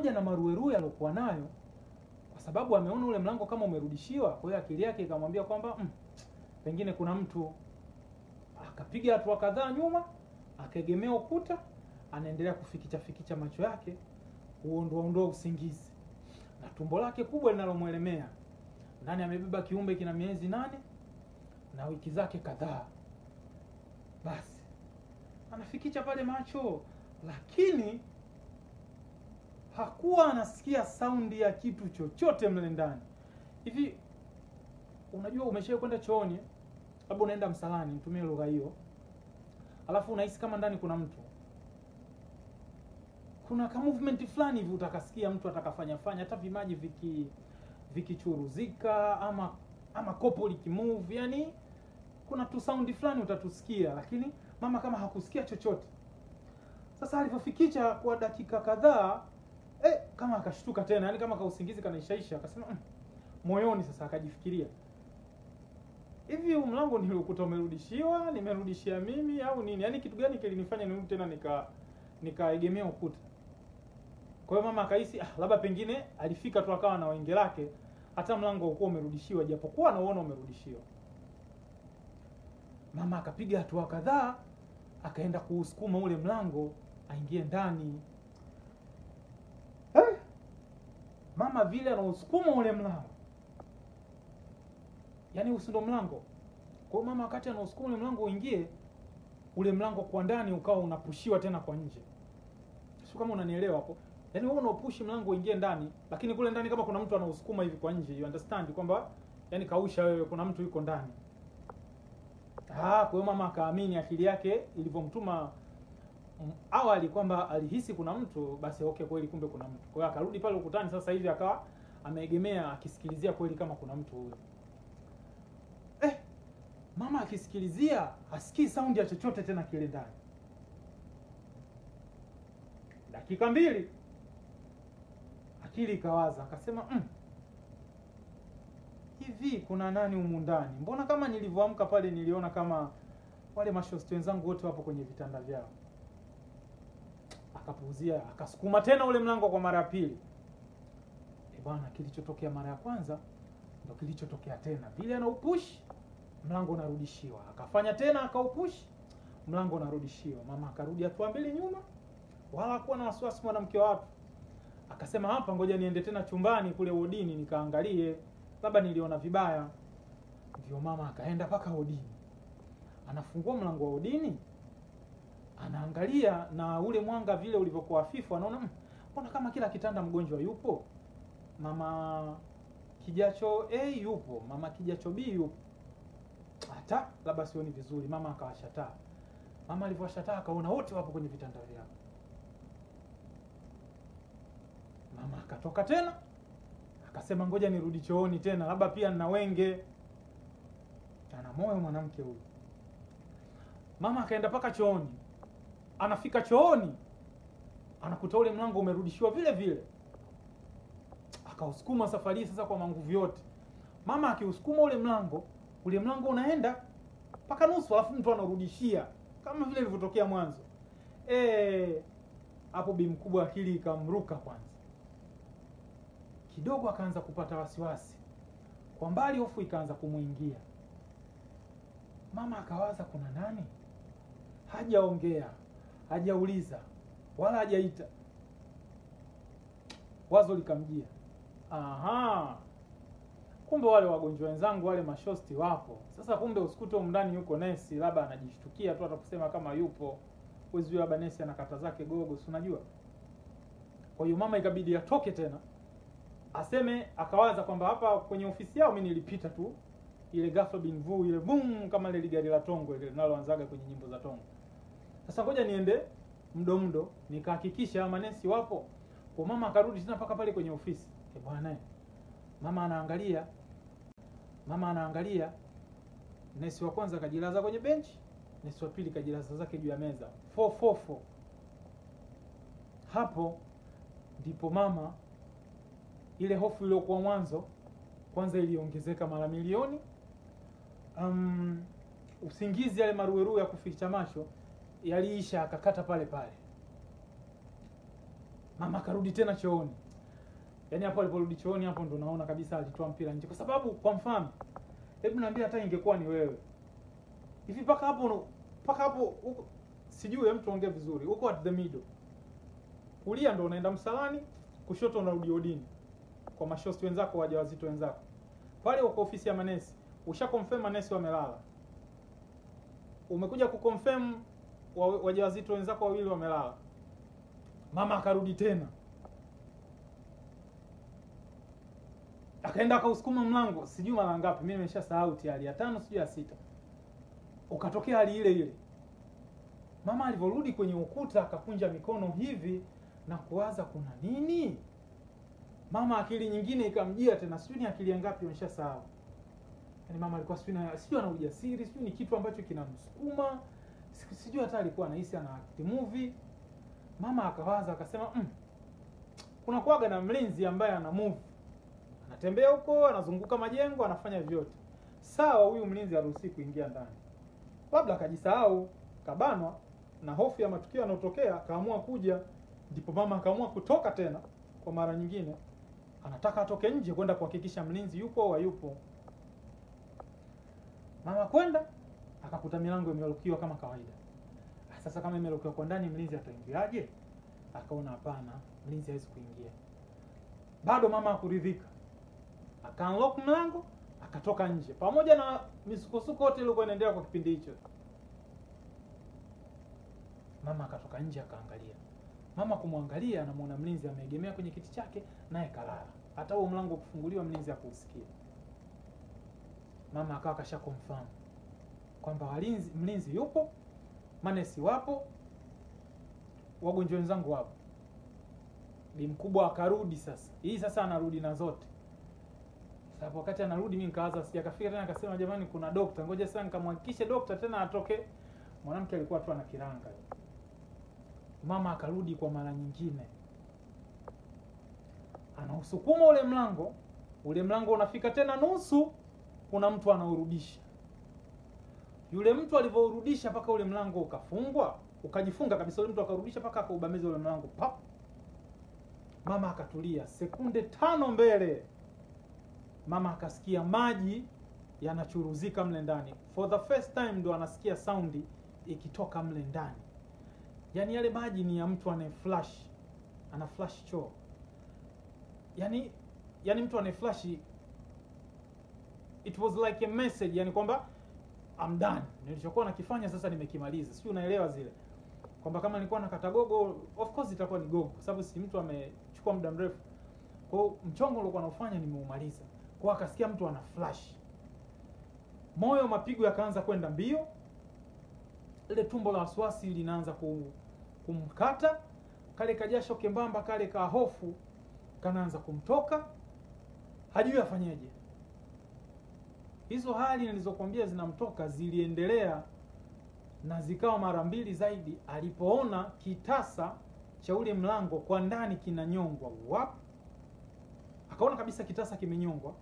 pamoja na maruerue aliokuwa nayo, kwa sababu ameona ule mlango kama umerudishiwa. Kwa hiyo akili yake ikamwambia kwamba mm, pengine kuna mtu. Akapiga hatua kadhaa nyuma, akaegemea ukuta, anaendelea kufikicha fikicha macho yake kuondoa usingizi, na tumbo lake kubwa linalomwelemea nani Amebeba kiumbe kina miezi nane na wiki zake kadhaa. Basi anafikicha pale macho, lakini hakuwa anasikia saundi ya kitu chochote mle ndani. Hivi unajua umeshawahi kwenda chooni, labda unaenda msalani, nitumie lugha hiyo, alafu unahisi kama ndani kuna mtu, kuna ka movement fulani hivi utakasikia mtu atakafanya fanya, hata vimaji viki vikichuruzika ama ama kopo likimove, yani kuna tu saundi fulani utatusikia, lakini mama kama hakusikia chochote. Sasa alivyofikisha kwa dakika kadhaa eh, kama akashtuka tena, yani kama kausingizi kanaishaisha, akasema mm, moyoni sasa, akajifikiria hivi, mlango niliokuta umerudishiwa, nimerudishia mimi au nini? Yani kitu gani kilinifanya nirudi tena nika nikaegemea ukuta? Kwa hiyo mama akahisi ah, labda pengine alifika tu akawa na wenge lake, hata mlango haukuwa umerudishiwa, japokuwa anauona umerudishiwa. Mama akapiga hatua kadhaa, akaenda kuusukuma ule mlango aingie ndani. mama vile anausukuma ule mlango, yaani usindo mlango. Kwa mama wakati anausukuma ule mlango uingie, ule mlango kwa ndani ukawa unapushiwa tena kwa nje, sio kama unanielewa hapo? Yaani wewe unaopushi mlango uingie ndani, lakini kule ndani kama kuna mtu anausukuma hivi kwa nje, you understand kwamba yaani kausha wewe, kuna mtu yuko ndani. Ah, kwa hiyo mama akaamini akili yake ilivyomtuma awali kwamba alihisi kuna mtu basi, okay, kweli kumbe kuna mtu. Kwa hiyo akarudi pale ukutani sasa hivi akawa ameegemea akisikilizia kweli kama kuna mtu huyo. Eh, mama akisikilizia hasikii saundi ya chochote tena kile ndani. Dakika mbili akili ikawaza, akasema mm, hivi kuna nani humu ndani? Mbona kama nilivyoamka pale niliona kama wale mashosti wenzangu wote wapo kwenye vitanda vyao akapuuzia, akasukuma tena ule mlango kwa mara ya pili. E bwana, kilichotokea mara ya kwanza ndo kilichotokea tena. Vile anaupush mlango unarudishiwa, akafanya tena, akaupush mlango unarudishiwa. Mama akarudi hatua mbili nyuma, wala hakuwa na wasiwasi mwanamke wa watu. Akasema hapa, ngoja niende tena chumbani kule wodini nikaangalie, labda niliona vibaya. Ndio mama akaenda mpaka wodini, anafungua mlango wa wodini anaangalia na ule mwanga vile ulivyokuwa hafifu, anaona hmm, mbona kama kila kitanda mgonjwa yupo, mama kijacho A yupo, mama kijacho B yupo, hata labda sioni vizuri. Mama akawashataa, mama alivyowashataa akaona wote wapo kwenye vitanda vyao. Mama akatoka tena akasema, ngoja nirudi chooni tena, labda pia nina wenge. Ana moyo mwanamke huyu. Mama akaenda mpaka chooni anafika chooni anakuta ule mlango umerudishiwa vile vile akausukuma safari sasa kwa manguvu yote mama akiusukuma ule mlango ule mlango unaenda mpaka nusu alafu mtu anarudishia kama vile ilivyotokea mwanzo eh, hapo e, bi mkubwa akili ikamruka kwanza kidogo akaanza kupata wasiwasi kwa mbali hofu ikaanza kumwingia mama akawaza kuna nani hajaongea hajauliza wala hajaita, wazo likamjia, aha, kumbe wale wagonjwa wenzangu wale mashosti wapo. Sasa kumbe usikute mndani yuko nesi, labda anajishtukia tu atakusema kama yupo, wezi labda nesi anakata zake gogo, si unajua. Kwa hiyo mama ikabidi atoke tena aseme, akawaza kwamba hapa kwenye ofisi yao mimi nilipita tu ile ghafla vu ile boom, kama ile gari la tongo ile linaloanzaga kwenye nyimbo za tongo sasa ngoja niende mdo mdo nikahakikisha manesi wapo. Kwa mama akarudi tena mpaka pale kwenye ofisi. Eh, bwana mama anaangalia. Mama anaangalia. Nesi wa kwanza kajilaza kwenye benchi, nesi wa pili kajilaza zake juu ya meza. fofofo Hapo ndipo mama ile hofu iliyokuwa mwanzo kwanza iliongezeka mara milioni. Um, usingizi yale maruweruwe ya kuficha macho yaliisha, akakata pale pale. Mama akarudi tena chooni. Yaani hapo aliporudi chooni, hapo ndo naona kabisa alitoa mpira nje, kwa sababu kwa mfano, hebu naambia, hata ingekuwa ni wewe hivi, paka hapo paka hapo huko, sijui hem tuongee vizuri huko, at the middle, kulia ndo unaenda msalani, kushoto unarudi odini, kwa mashosti wenzako, wajawazito wenzako pale uko ofisi ya manesi usha confirm manesi wamelala, umekuja kuconfirm wajawazito wenzako wawili wamelala, mama akarudi tena akaenda akausukuma mlango, sijui mara ngapi, mimi sahau tayari, ya tano sijui ya sita, ukatokea hali ile ile. Mama alivyorudi kwenye ukuta akakunja mikono hivi na kuwaza kuna nini. Mama akili nyingine ikamjia tena, sijui ni akili ngapi, sahau Yani mama alikuwa sijui sijui ana ujasiri, sijui ni kitu ambacho kinamsukuma sijui hata alikuwa anahisi ana act movie. Mama akawaza akasema, mm, kuna kuwaga na mlinzi ambaye ana move, anatembea huko, anazunguka majengo, anafanya vyote sawa. Huyu mlinzi aruhusi kuingia ndani, labda akajisahau, kabanwa na hofu ya matukio yanayotokea, akaamua kuja. Ndipo mama akaamua kutoka tena kwa mara nyingine, anataka atoke nje kwenda kuhakikisha mlinzi yupo au hayupo. Mama kwenda akakuta milango imelukiwa kama kawaida. Sasa kama imelukiwa kwa ndani, mlinzi ataingiaje? Akaona hapana, mlinzi hawezi kuingia. Bado mama akuridhika aka unlock mlango akatoka nje, pamoja na misukosuko yote iliyokuwa inaendelea kwa kipindi hicho. Mama akatoka nje akaangalia. Mama kumwangalia, anamwona mlinzi ameegemea kwenye kiti chake, naye kalala. Hata huo mlango kufunguliwa, mlinzi hakuusikia. Mama akawa kashakomfamu kwamba walinzi, mlinzi yupo, manesi wapo, wagonjwa wenzangu wapo. Bi mkubwa akarudi sasa, hii sasa anarudi na zote hapo wakati anarudi, mimi nikawaza, sijakafika tena. Akasema, jamani, kuna dokta, ngoja sasa nikamhakikishe dokta tena atoke. Mwanamke alikuwa tu ana kiranga. Mama akarudi kwa mara nyingine, anausukuma ule mlango, ule mlango unafika tena nusu, kuna mtu anaurudisha yule mtu alivyourudisha mpaka ule mlango ukafungwa ukajifunga kabisa, ule mtu akarudisha mpaka akaubamiza ule mlango pap. Mama akatulia sekunde tano mbele, mama akasikia maji yanachuruzika mle ndani. For the first time ndo anasikia saundi ikitoka mle ndani, yaani yale maji ni ya mtu anaye flash, ana flash choo, yaani yaani mtu anaye flash. It was like a message, yani kwamba I'm done. Nilichokuwa nakifanya sasa nimekimaliza. Sijui unaelewa zile. Kwamba kama nilikuwa nakata gogo, of course itakuwa ni gogo kwa sababu si mtu amechukua muda mrefu. Kwa hiyo mchongo uliokuwa naufanya nimeumaliza. Kwa akasikia mtu ana flash. Moyo mapigo yakaanza kwenda mbio. Ile tumbo la wasiwasi linaanza kumkata. Kale kajasho kembamba kale ka hofu kanaanza kumtoka. Hajui afanyeje. Hizo hali nilizokwambia zinamtoka ziliendelea na zikawa mara mbili zaidi, alipoona kitasa cha ule mlango kwa ndani kinanyongwa wap, akaona kabisa kitasa kimenyongwa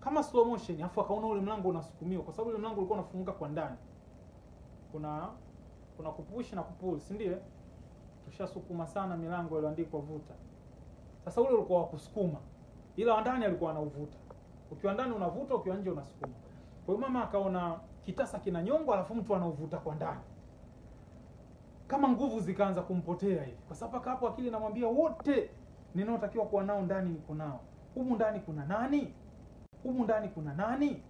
kama slow motion, afu akaona ule mlango unasukumiwa, kwa sababu ule mlango ulikuwa unafunguka kwa ndani. Kuna kuna kupush na kupull, si ndio? Tushasukuma sana milango iliyoandikwa vuta. Sasa ule ulikuwa wa kusukuma, ila wa ndani alikuwa anauvuta. Ukiwa ndani unavuta, ukiwa nje unasukuma. Kwa hiyo mama akaona kitasa kina nyongwa alafu mtu anaovuta kwa ndani, kama nguvu zikaanza kumpotea hivi, kwa sababu hapo akili inamwambia wote ninaotakiwa kuwa nao ndani niko nao, humu ndani kuna nani? Humu ndani kuna nani?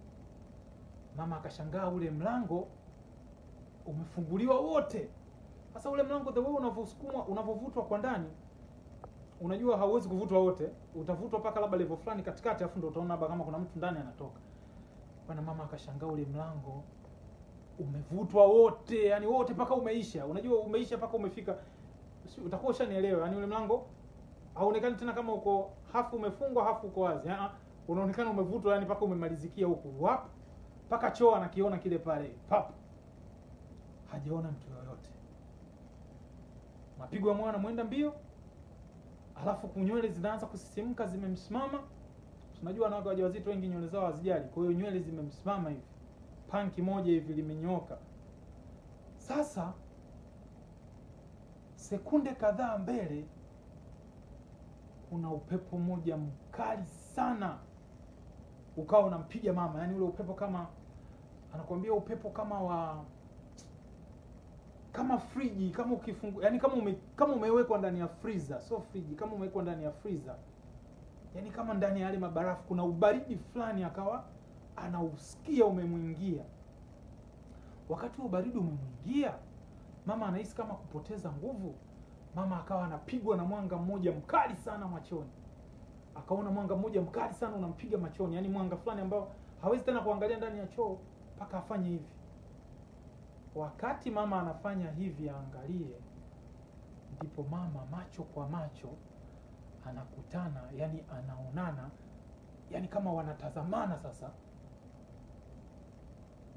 Mama akashangaa, ule mlango umefunguliwa wote. Sasa ule mlango the way unavyosukumwa, unavyovutwa kwa ndani unajua hauwezi kuvutwa wote, utavutwa mpaka labda level fulani katikati, afu ndo utaona labda kama kuna mtu ndani anatoka. Bwana mama akashangaa ule mlango umevutwa wote, yani wote mpaka umeisha. Unajua umeisha paka umefika, utakuwa ushanielewa, yani ule mlango haonekani tena kama uko hafu umefungwa hafu uko wazi, unaonekana umevutwa, yani paka umemalizikia huku wapi, mpaka choa nakiona kile pale pap, hajaona mtu yoyote. Mapigo ya mwana mwenda mbio alafu kunywele zinaanza kusisimka zimemsimama. Unajua wanawake wajawazito wengi nywele zao hazijali, kwa hiyo nywele zimemsimama hivi, panki moja hivi limenyoka. Sasa sekunde kadhaa mbele, kuna upepo mmoja mkali sana ukawa unampiga mama, yaani ule upepo kama anakuambia upepo kama wa kama friji kama ukifungu yani kama ume, kama umewekwa ndani ya freezer so friji kama umewekwa ndani ya freezer yani kama ndani ya yale mabarafu kuna ubaridi fulani akawa anausikia umemwingia wakati wa ubaridi umemwingia mama anahisi kama kupoteza nguvu mama akawa anapigwa na mwanga mmoja mkali sana machoni akaona mwanga mmoja mkali sana unampiga machoni yani mwanga fulani ambao hawezi tena kuangalia ndani ya choo mpaka afanye hivi Wakati mama anafanya hivi, angalie, ndipo mama macho kwa macho anakutana, yani anaonana, yani kama wanatazamana sasa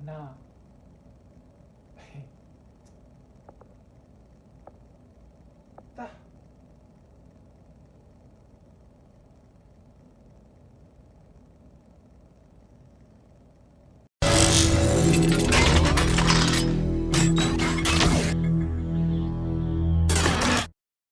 na ah,